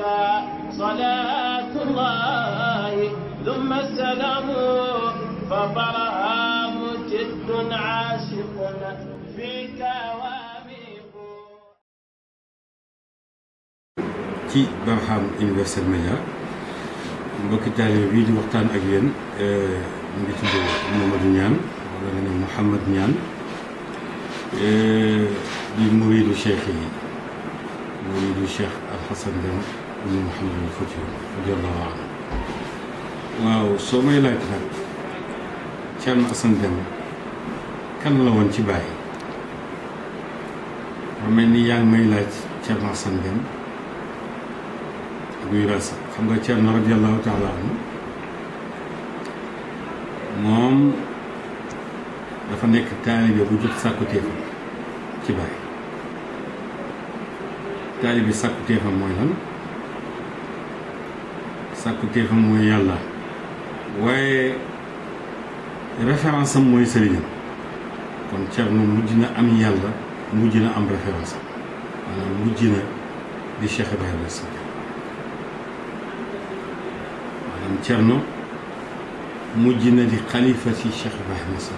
عليك صلاة الله ثم السلام فبرهام جد عاشق فيك واميق ci Barham Universel Media mbokki taalibe bii di waxtaan ak yéen eh, mu ngi tudd Mamadou Niane wala nga ne Mouhamad Niane eh, di muridu cheikh yi muridu cheikh Al Hassan Deme waaw soo may laaj nag Thierno Assane Deme kan la woon ci Baye ma mel ni yaa ngi may laaj Thierno Assane Deme ak wiraasa xam nga Thierno radiyallahu taala moom dafa nekk taalibe bu jot sàkku téefam ci Baye taalibe sàkku téefam mooy lan sàkku teefam mooy yàlla waaye référence am mooy sëriñam kon Thierno mujj na am yàlla mujj na am référence am maanaam mujj na di Cheikh Ibrahima Niass mujj na di xalifa ci Cheikh Ibrahima Niass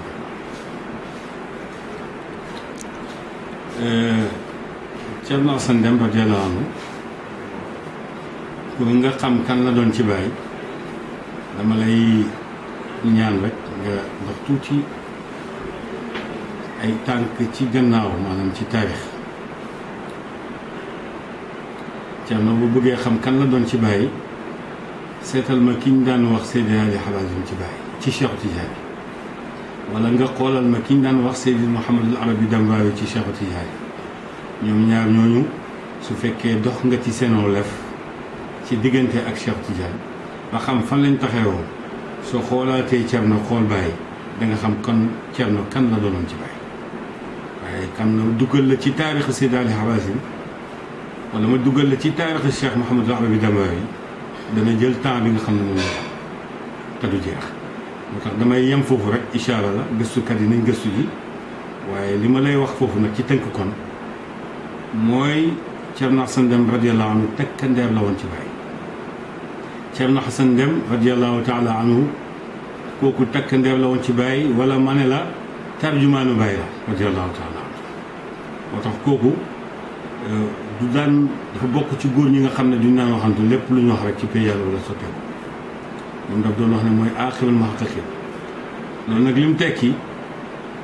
euh, Thierno Assane Deme radiyallahu anhu pour nga xam kan la doon ci bàyyi dama lay ñaan rek nga dox tuuti ay tànk ci gannaaw maanaam ci taarix Cerno bu bëggee xam kan la doon ci bàyyi seetal ma ki ñu daan wax Seydi Ali Harazim ci bàyyi ci Cheikh Tidiane wala nga xoolal ma ki daan wax Seydi Mouhamadul Arabi Dambaawi ci Cheikh Tidiane ñoom ñaar ñooñu su fekkee dox nga ci seen lef ci diggante ak Cheikh Tidiane ba xam fan lañu taxee taxawoo soo xoolaatee Thierno xool Baye da nga xam kon Thierno kan la doonoon ci Baye waaye kan la duggal la ci taarixu Seydi Ali Harazim wala ma duggal la ci taarixu Cheikh Mouhamadou Rabi Damawi dana jël temps bi nga xam ne moom la te du jeex moo tax damay yem foofu rek incha allah gëstukat yi nañ gëstu ji waaye li ma lay wax foofu nag ci tënk kon mooy. Ceerno Xasan Dem radiallahu anhu tekkandeer la woon ci bàyyi Ceerno Xasan Dem radiallahu taala anhu kooku takkandeer la woon ci bàyyi wala ma ne la tarjumaanu bàyyi la radiallahu taala anhu moo tax kooku euh, du daan dafa bokk ci góor ñi nga xam ne duñ daan waxantu lépp lu ñu wax rek ci pay yàlla wala moom daf doon wax ne mooy aaxirul muhaqqiqiin loolu nag li tekki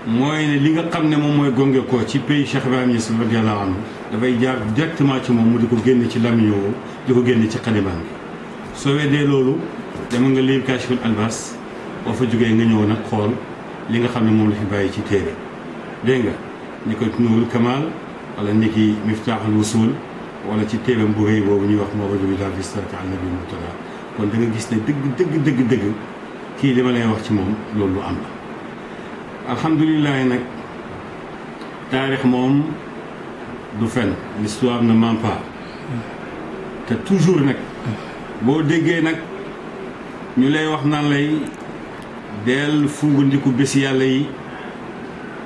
mooy li nga xam ne moom mooy gonge ko ci pays Cheikh Ibrahim Niass radiyallahu anhu dafay jaar directement ci moom mu di ko génne ci lamiñ woowu di ko génn ci xalimaam bi soo weddee loolu dama nga liir Kaashiful Albaas boo fa jógee nga ñëw nag xool li nga xam ne moom la fi bàyyi ci téere dégg nga ni ko Nuurul Kamaal wala ni ki Miftaaxul suul wala ci téeram bu rëy boobu ñuy wax moo raju bi daal bistaati an nabi mutala kon da nga gis ne dëgg dëgg dëgg dëgg kii li ma wax ci moom loolu lu am alhamdulilah nag taarix moom du fen l'histoire ne ment te toujours nag boo déggee nag ñu lay wax naan lay deel fungandiku bés yàlla yi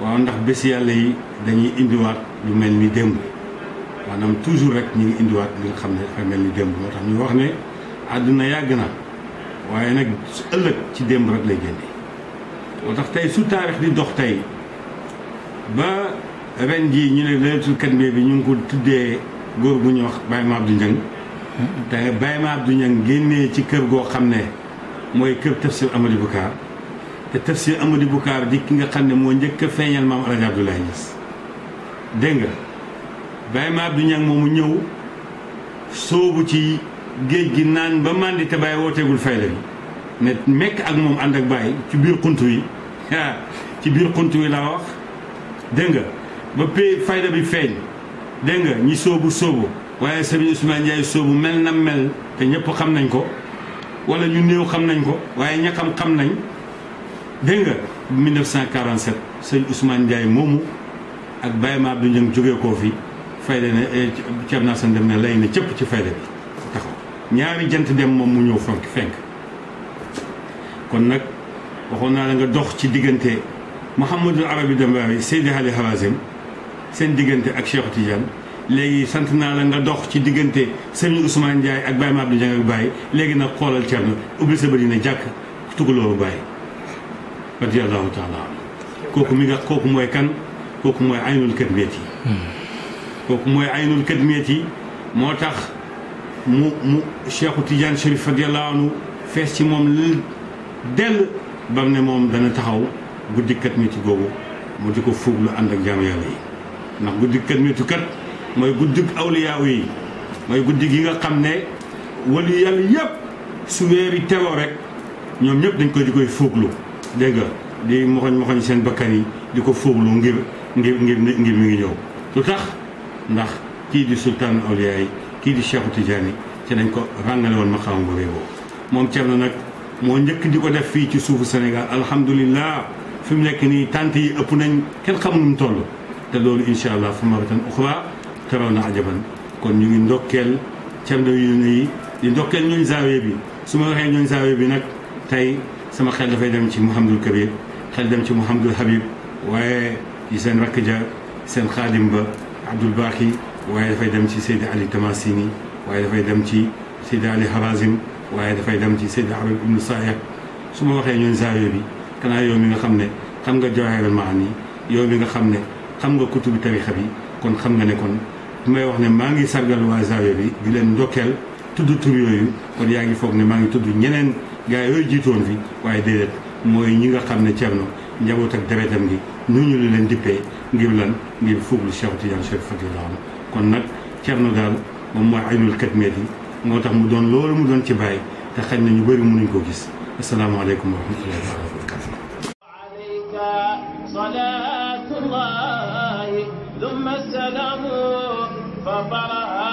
waaw ndax bés yàlla yi dañuy indiwaat lu mel ni démb maanaam toujours rek ñu ngi indiwaat li nga xam ne dafa mel ni démb moo tax ñu wax ne àdduna yàgg na waaye nag su ëllëg ci démb rek lay génne moo tax tey su taarix di dox tey ba ren jii ñu ne Laylatul Katmiya bi ñu ngi ko tuddee góor bu ñuy wax Baye Ma Abdou Niang te Baye Ma Abdou Niang génnee ci kër goo xam ne mooy kër tafsir Amady Boucar te tafsir Amady Boucar di ki nga xam ne moo njëkk a feeñal maam El Hadj Abdoulaye Niass dégg nga Ma Abdou Niang moomu ñëw soobu ci géej gi naan ba màndi te bàyyi wooteegul fay la ne mekk ak moom ànd ak bàyyi ci biir xunt yi ci biir xunt yi laa wax dégg nga ba pay fayda bi feeñ dégg nga ñi soobu sóobu waaye Serigne Ousmane Ndiaye sóobu mel na mel te ñëpp xam nañ ko wala ñu néew xam nañ ko waaye ña xam xam nañ dégg nga 1947 Serigne Ousmane Ndiaye moomu ak Baye Ma Abdou Ndiang jógee koo fi fayda ne eh, Thierno Assane dem ne lay ne cëpp ci fayda bi taxaw ñaari jant dem moom mu ñëw fenk fenk kon nag waxoon naa la nga dox ci diggante Mouhamadul Arabi Dambari Seydi Ali Harazim seen diggante ak Cheikh Tidiane léegi sant naa la nga dox ci diggante Serigne Ousmane Ndiaye ak Baye Mabdou Diagne ak Baye léegi nag xoolal Thierno ubbi sa bëri na jàkk tukulóoru Baye radiyallahu taala kooku mi nga kooku mooy kan kooku mooy aynul kadmiyat yi kooku mooy aynul kadmiyat yi moo tax mu mu Cheikh Tidiane Chérif radiyallahu fees ci moom dell ba ne moom dana taxaw guddikat métti googu mu di ko fuuglu ànd ak jaam yàlla yi ndax guddikat métti mooy guddik awliyaaw yi mooy guddi gi nga xam ne wali yàlla yëpp su weeri teroo rek ñoom ñëpp dañ koy di koy fuuglu dégg di moxoñ moxoñ seen bakkan yi di ko fuuglu ngir ngir ngir ngir mi ngi ñëw lu tax ndax kii di sultaan awliyaa yi kii di Cheikhu Tijaani ci dañ ko ràngale woon maqaam bu rëy boobu moom Cerno nag moo njëkk di ko def fii ci suufu Sénégal alhamdulilah fi mu nekk nii tant yi ëpp nañ kenn xamul nu mu toll te loolu incha allah fu maratan uxra taraw na ajaban kon ñu ngi ndokkeel cerno yi di ndokkeel ñooñ zaawiya bi su ma waxee ñooñ zaawiya bi nag tey sama xel dafay dem ci Mouhamadul Kabir xel dem ci Mouhamadul Habib waaye ci seen rakk ja seen xaadim ba Abdoul Baaxi waaye dafay dem ci Seydi Ali Tamasini waaye dafay dem ci Seydi Ali Harazim waaye dafay dem ci Seydi Arab ibnu Saayir su ma waxee ñun zaawiya bi kanaa yow nga xam ne xam nga jawahirul maani yow mi nga xam ne xam nga kutubu tarixa bi kon xam nga ne kon bu may wax ne maa ngi sargal waa zaawiya bi di leen ndokkeel tudd tur yooyu kon yaa ngi foog ne maa ngi tudd ñeneen gaa yooyu jiitoon bi waaye déedéet mooy ñi nga xam ne Cerno njaboot ak deretam gi ñu li leen dippee ngir lan ngir fuuglu Cheikh Tidiane Chérif Fati kon nag Cerno daal moom mooy aynul katmeet yi moo tax mu doon loolu mu doon ci bàyyi te xañ na ñu bëri mënuñ koo gis asalaamaaleykum wa rahmatullahi wa barakatu alayka salaatullahi thumma salaamu fa